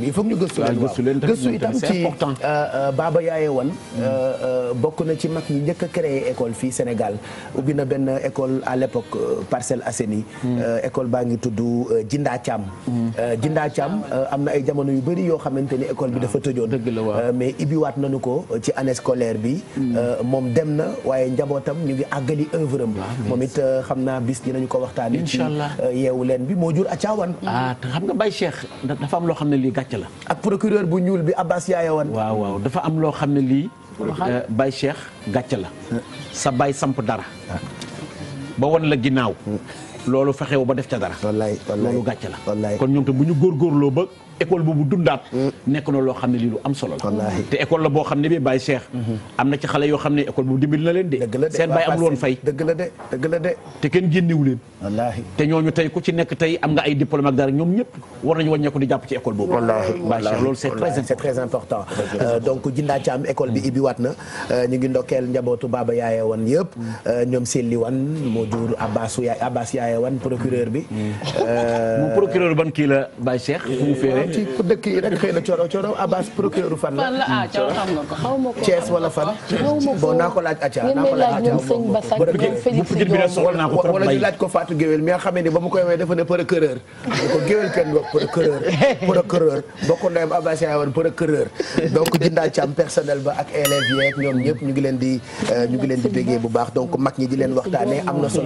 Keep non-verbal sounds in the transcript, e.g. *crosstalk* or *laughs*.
bi il faut ñu gëstu leen waaw gëstu itam ci euh, euh, Baba Yaaye Wan euh, bokk na ci mag yi njëkk a créé école fii Sénégal ubbi na benn école à l'époque Parcelles Assainies hmm. école baa ngi tudd Jindaa Thiam hmm. Jindaa Thiam am na ay jamono yu bëri yoo xamante ni école bi dafa ah, tëjoon mais ibiwaat nañu ko ci année scolaire bi hmm. moom dem na waaye njabootam ñu ngi àggali œuvre ah, moom it xam naa bis dinañu ko waxtaan waxtaanee ci yeewu leen bi moo jur a caawan ah xam nga Baye Cheikh dafa am loo ñakk la ak procureur bu ñuul bi abbas yaayawan waaw waaw dafa am loo xam ne lii eh, bay cheikh gàcc la sa bay samp dara ha. ba won la ginnaaw loolu fexewu ba def ca dara loolu gàcce la wallaay kon ñoom tam bu ñu góorgóorloo ba école boobu dundaat mm. nekk na loo xam ne lii lu am solo la te école la boo xam ne bi Baye Cheikh mm-hmm. am na ci xale yoo xam ne école boobu dimbali na leen de seen baay amul woon fay te kenn génnewu te ku ci nekk tey am nga ay diplôme ak ñoom ñëpp war nañu wàññeeku di jàpp ci école boobu wallaahi Baye Cheikh loolu c'est très important euh, donc Djinda Thiam école bi mm. ibiwaat na euh, ñu ngi ndokkeel njabootu Baba Yaaya wan yëpp mm. euh, ñoom Seli wan moo jur Abbas Yaaya Abbas Yaaya envoyé wan procureur bi. *laughs* mu procureur ban kii la Baye Cheikh. fu mu féeree ci ku dëkk yi rek xëy na Coro Coro Abbas procureur fan la. fan la ah Coro xam nga ko xaw ma ko. Thiès wala fan. bon naa ko laaj Atia naa ko laaj Atia moom wala ñu laaj ko Fatou Guewel mi nga xam ne ba mu koy wooyee dafa ko Guewel kenn procureur. *laughs* procureur bokk Abbas Cheikh wan procureur. donc dinaa càmm personnel ba ak élèves yeeg ñoom ñëpp ñu ngi di euh, ñu bu baax donc mag ñi di leen waxtaanee am na solo